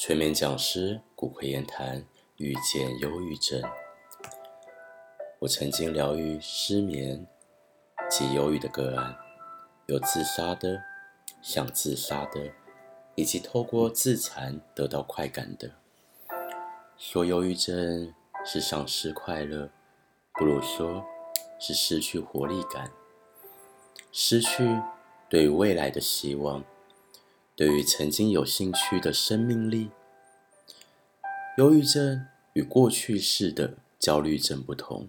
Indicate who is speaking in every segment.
Speaker 1: 催眠講師古馗言談，遇見憂鬱症。我曾經療癒失眠及憂鬱的個案，有自殺的、想自殺的，以及透過自殘得到快感的。說憂鬱症是喪失快樂，不如說是失去活力感，失去對未來的希望。對於曾經有興趣的生命力，憂鬱症與過去式的焦慮症不同，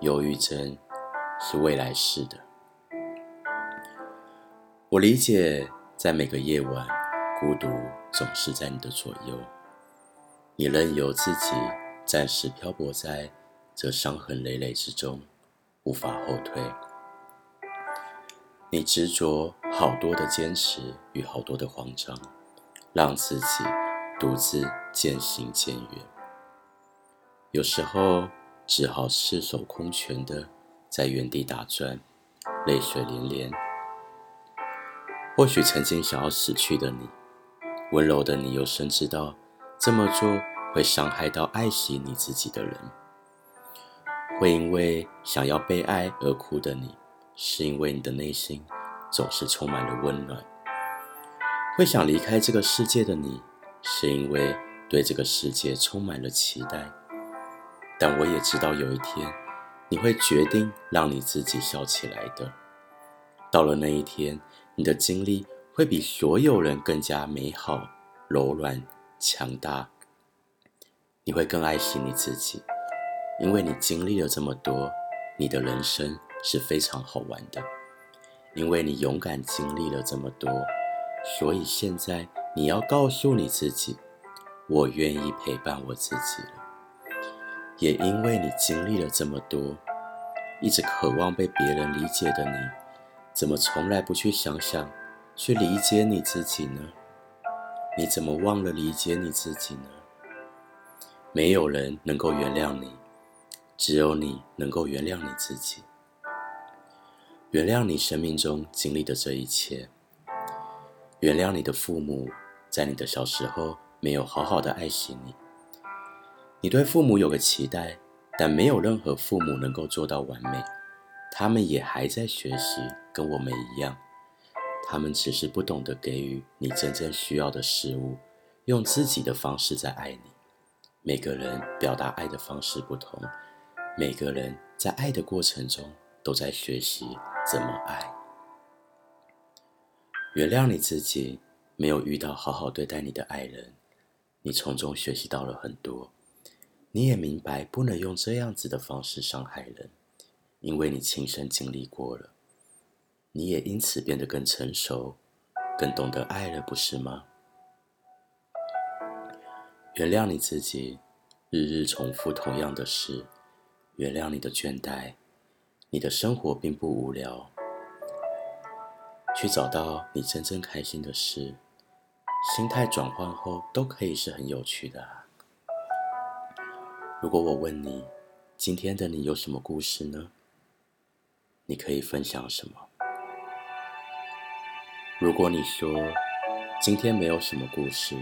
Speaker 1: 憂鬱症是未來式的。我理解，在每個夜晚，孤獨總是在你的左右，你任由自己暫時漂泊在這傷痕累累之中，無法後退。你執着好多的堅持與好多的慌張，讓自己獨自漸行漸遠，有時候只好赤手空拳的在原地打轉，淚水漣漣。或許曾經想要死去的你，溫柔的你又深知道這麼做會傷害到愛惜你自己的人，會因為想要被愛而哭的你。是因為你的內心總是充滿了溫暖，會想離開這個世界的你，是因為對這個世界充滿了期待。但我也知道有一天，你會決定讓你自己笑起來的。到了那一天，你的經歷會比所有人更加美好、柔軟、強大。你會更愛惜你自己，因為你經歷了這麼多，你的人生，是非常好玩的，因為你勇敢經歷了這麼多，所以現在你要告訴你自己：“我願意陪伴我自己了。”也因為你經歷了這麼多，一直渴望被別人理解的你，怎麼從來不去想想去理解你自己呢？你怎麼忘了理解你自己呢？沒有人能夠原諒你，只有你能夠原諒你自己。原諒你生命中經歷的這一切，原諒你的父母在你的小時候沒有好好的愛惜你。你對父母有個期待，但沒有任何父母能夠做到完美，他們也還在學習，跟我們一樣。他們只是不懂得給予你真正需要的事物，用自己的方式在愛你。每個人表達愛的方式不同，每個人在愛的過程中，都在學習怎麼愛，原諒你自己沒有遇到好好對待你的愛人，你從中學習到了很多，你也明白不能用這樣子的方式傷害人，因為你親身經歷過了，你也因此變得更成熟，更懂得愛了，不是嗎？原諒你自己，日日重複同樣的事，原諒你的倦怠。你的生活並不無聊，去找到你真正開心的事，心態轉換後都可以是很有趣的啊。如果我問你，今天的你有什麼故事呢？你可以分享什麼？如果你說今天沒有什麼故事，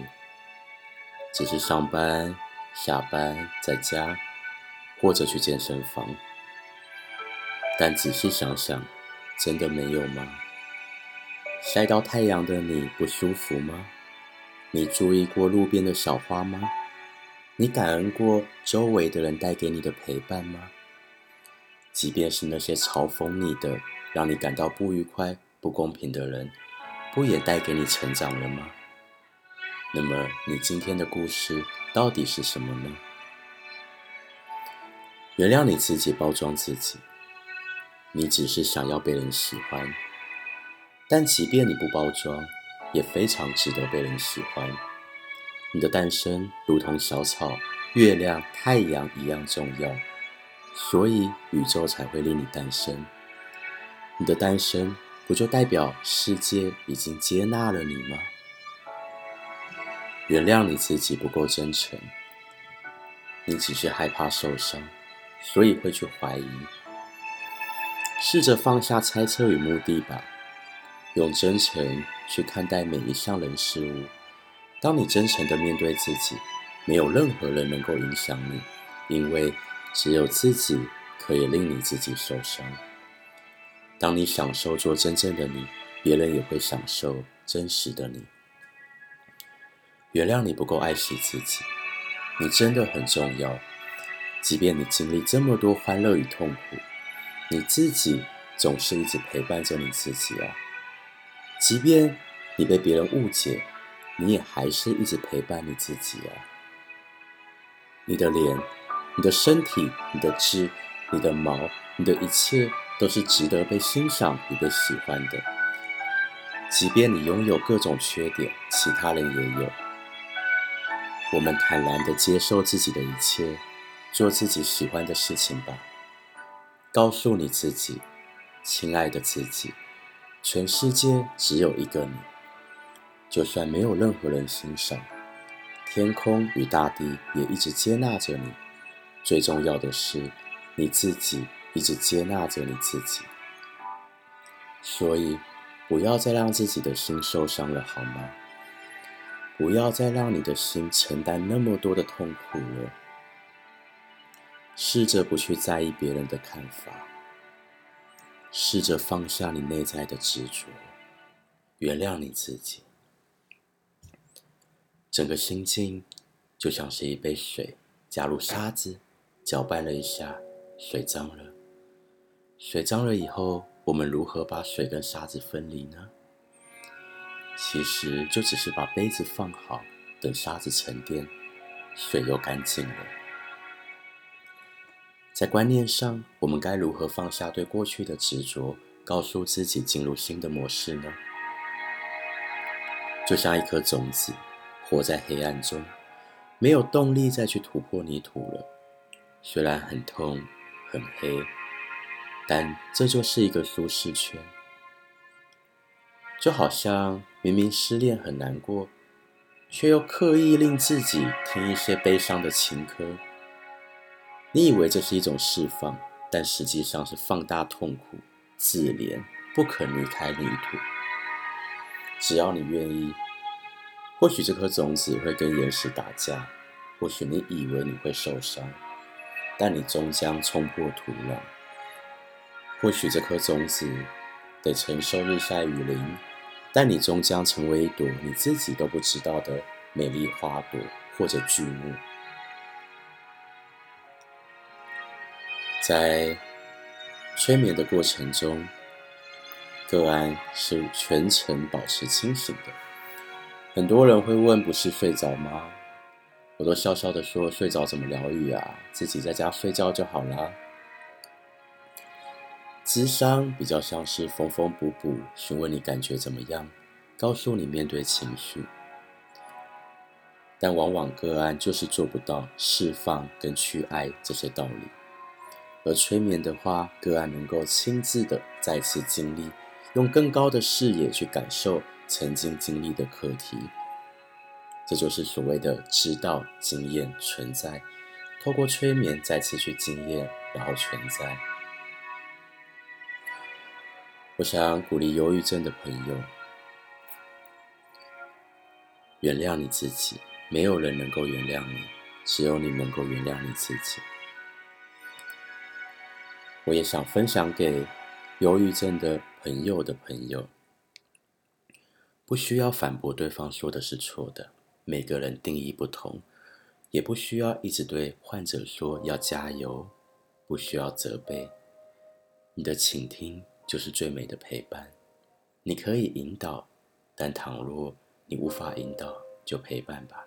Speaker 1: 只是上班、下班、在家，或者去健身房。但仔細想想，真的沒有嗎？曬到太陽的你不舒服嗎？你注意過路邊的小花嗎？你感恩過周圍的人帶給你的陪伴嗎？即便是那些嘲諷你的，讓你感到不愉快、不公平的人，不也帶給你成長了嗎？那麼，你今天的故事到底是什麼呢？原諒你自己，包裝自己。你只是想要被人喜歡，但即便你不包裝，也非常值得被人喜歡。你的誕生如同小草、月亮、太陽一樣重要，所以宇宙才會令你誕生。你的誕生不就代表世界已經接納了你嗎？原諒你自己不夠真誠，你只是害怕受傷，所以會去懷疑。試着放下猜測與目的吧，用真誠去看待每一項人事物。當你真誠地面對自己，沒有任何人能夠影響你，因為只有自己可以令你自己受傷。當你享受做真正的你，別人也會享受真實的你。原諒你不夠愛惜自己，你真的很重要。即便你經歷這麼多歡樂與痛苦。你自己總是一直陪伴着你自己啊，即便你被別人誤解，你也還是一直陪伴你自己啊。你的臉，你的身體，你的痣，你的毛，你的一切都是值得被欣賞與被喜歡的。即便你擁有各種缺點，其他人也有。我們坦然地接受自己的一切，做自己喜歡的事情吧。告訴你自己，親愛的自己，全世界只有一個你。就算沒有任何人欣賞，天空與大地也一直接納着你。最重要的是，你自己一直接納着你自己。所以，不要再讓自己的心受傷了，好嗎？不要再讓你的心承擔那麼多的痛苦了。試着不去在意別人的看法，試着放下你內在的執着，原諒你自己。整個心境就像是一杯水，加入沙子，攪拌了一下，水髒了。水髒了以後，我們如何把水跟沙子分離呢？其實就只是把杯子放好，等沙子沉澱，水又乾淨了。在觀念上，我們該如何放下對過去的執着，告訴自己進入新的模式呢？就像一顆種子，活在黑暗中，沒有動力再去突破泥土了。雖然很痛、很黑，但這就是一個舒適圈。就好像明明失戀很難過，卻又刻意令自己聽一些悲傷的情歌。你以為這是一種釋放，但實際上是放大痛苦、自憐，不肯離開泥土。只要你願意，或許這顆種子會跟岩石打架，或許你以為你會受傷，但你終將衝破土壤。或許這顆種子得承受日曬雨淋，但你終將成為一朵你自己都不知道的美麗花朵，或者巨木。在催眠的過程中，個案是全程保持清醒的。很多人會問：“不是睡着嗎？”我都笑笑的說：“睡着怎麼療癒啊？自己在家睡覺就好啦。”諮商比較像是縫縫補補，詢問你感覺怎麼樣，告訴你面對情緒，但往往個案就是做不到釋放跟去愛這些道理。而催眠的話，個案能夠親自的再次經歷，用更高的視野去感受曾經經歷的課題，這就是所謂的知道經驗存在。透過催眠再次去經驗，然後存在。我想鼓勵憂鬱症的朋友，原諒你自己。沒有人能夠原諒你，只有你能夠原諒你自己。我也想分享給憂鬱症的朋友的朋友。不需要反駁對方說的是錯的，每個人定義不同，也不需要一直對患者說要加油，不需要責備。你的傾聽就是最美的陪伴。你可以引導，但倘若你無法引導，就陪伴吧。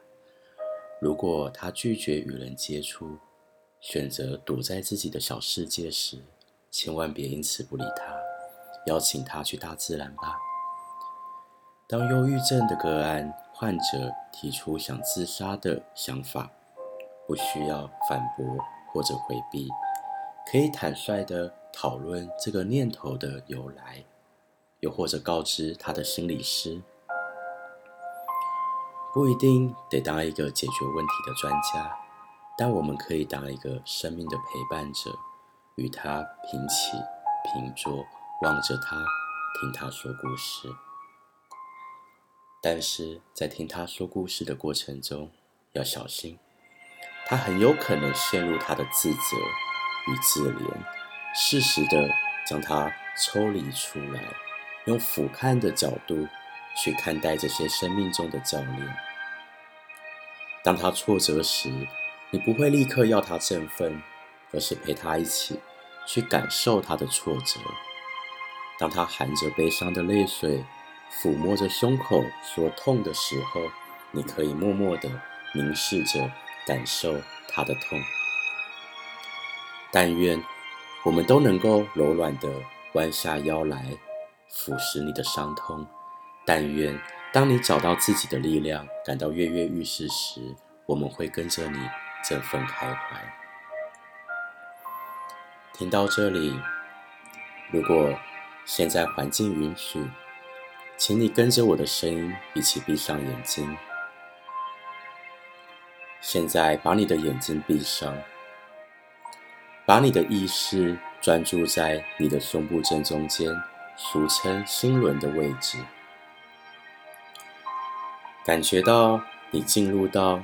Speaker 1: 如果他拒絕與人接觸，選擇躲在自己的小世界時，千萬別因此不理他，邀請他去大自然吧。當憂鬱症的個案患者提出想自殺的想法，不需要反駁或者回避，可以坦率地討論這個念頭的由來，又或者告知他的心理師，不一定得當一個解決問題的專家。但我們可以當一個生命的陪伴者，與他平起平坐，望着他，聽他說故事。但是在聽他說故事的過程中，要小心，他很有可能陷入他的自責與自憐，適時地將他抽離出來，用俯瞰的角度去看待這些生命中的教練。當他挫折時，你不會立刻要他振奮，而是陪他一起去感受他的挫折。當他含着悲傷的淚水，撫摸着胸口說痛的時候，你可以默默地凝視着，感受他的痛。但願我們都能夠柔軟地彎下腰來，撫拭你的傷痛。但願當你找到自己的力量，感到躍躍欲試時，我們會跟着你，這份開懷。聽到這裡，如果現在環境允許，請你跟着我的聲音，一起閉上眼睛。現在把你的眼睛閉上，把你的意識專注在你的胸部正中間，俗稱心輪的位置，感覺到你進入到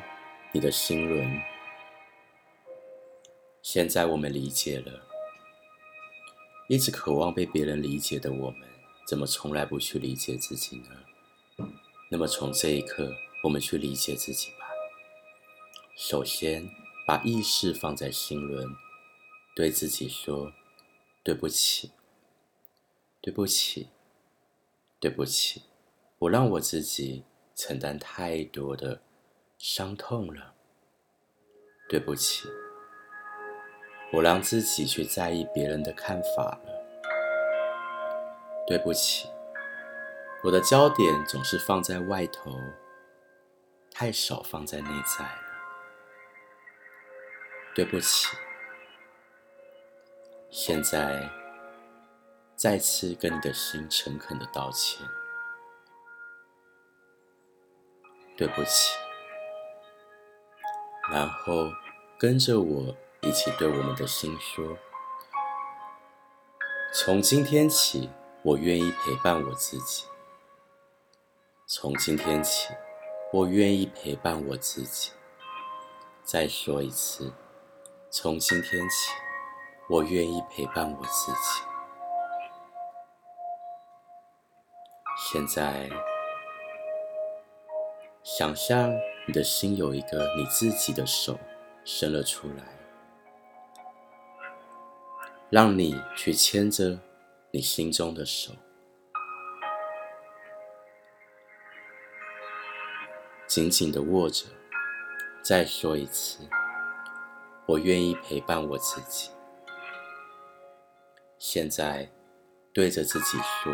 Speaker 1: 你的心輪。現在我們理解了，一直渴望被別人理解的我們，怎麼從來不去理解自己呢？那麼從這一刻，我們去理解自己吧。首先，把意識放在心輪，對自己說：“對不起，對不起，對不起，我讓我自己承擔太多的傷痛了。”對不起。我讓自己去在意別人的看法了，對不起，我的焦點總是放在外頭，太少放在內在了，對不起。現在再次跟你的心誠懇的道歉，對不起。然後跟着我。一起對我們的心說：“從今天起，我願意陪伴我自己。”從今天起，我願意陪伴我自己。再說一次：“從今天起，我願意陪伴我自己。”現在，想象你的心有一個你自己的手伸了出來。讓你去牽着你心中的手，緊緊地握着。再說一次，我願意陪伴我自己。現在對着自己說，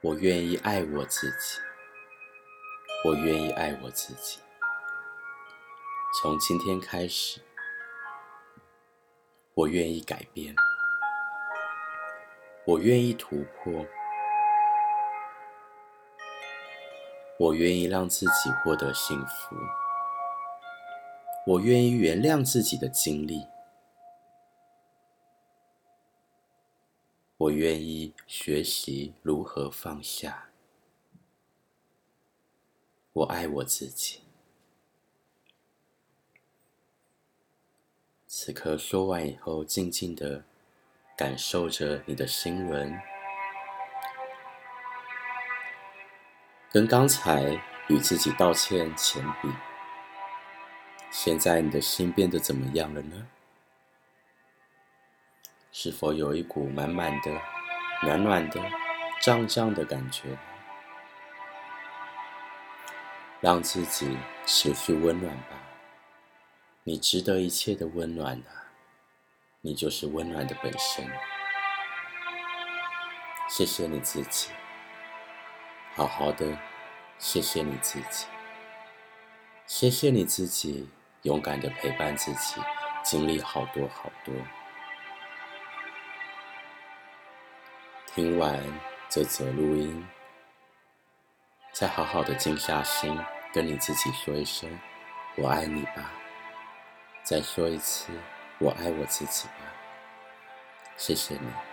Speaker 1: 我願意愛我自己。我願意愛我自己。從今天開始。我願意改變，我願意突破，我願意讓自己獲得幸福，我願意原諒自己的經歷，我願意學習如何放下，我愛我自己。此刻說完以後，靜靜的感受着你的心輪。跟剛才與自己道歉前比，現在你的心變得怎麼樣了呢？是否有一股滿滿的、暖暖的、脹脹的感覺呢？讓自己持續溫暖吧。你值得一切的溫暖啊！你就是溫暖的本身。謝謝你自己，好好的，謝謝你自己，謝謝你自己，勇敢的陪伴自己，經歷好多好多。聽完這則，則錄音，再好好的靜下心，跟你自己說一聲“我愛你”吧。再說一次，我愛我自己吧。謝謝你。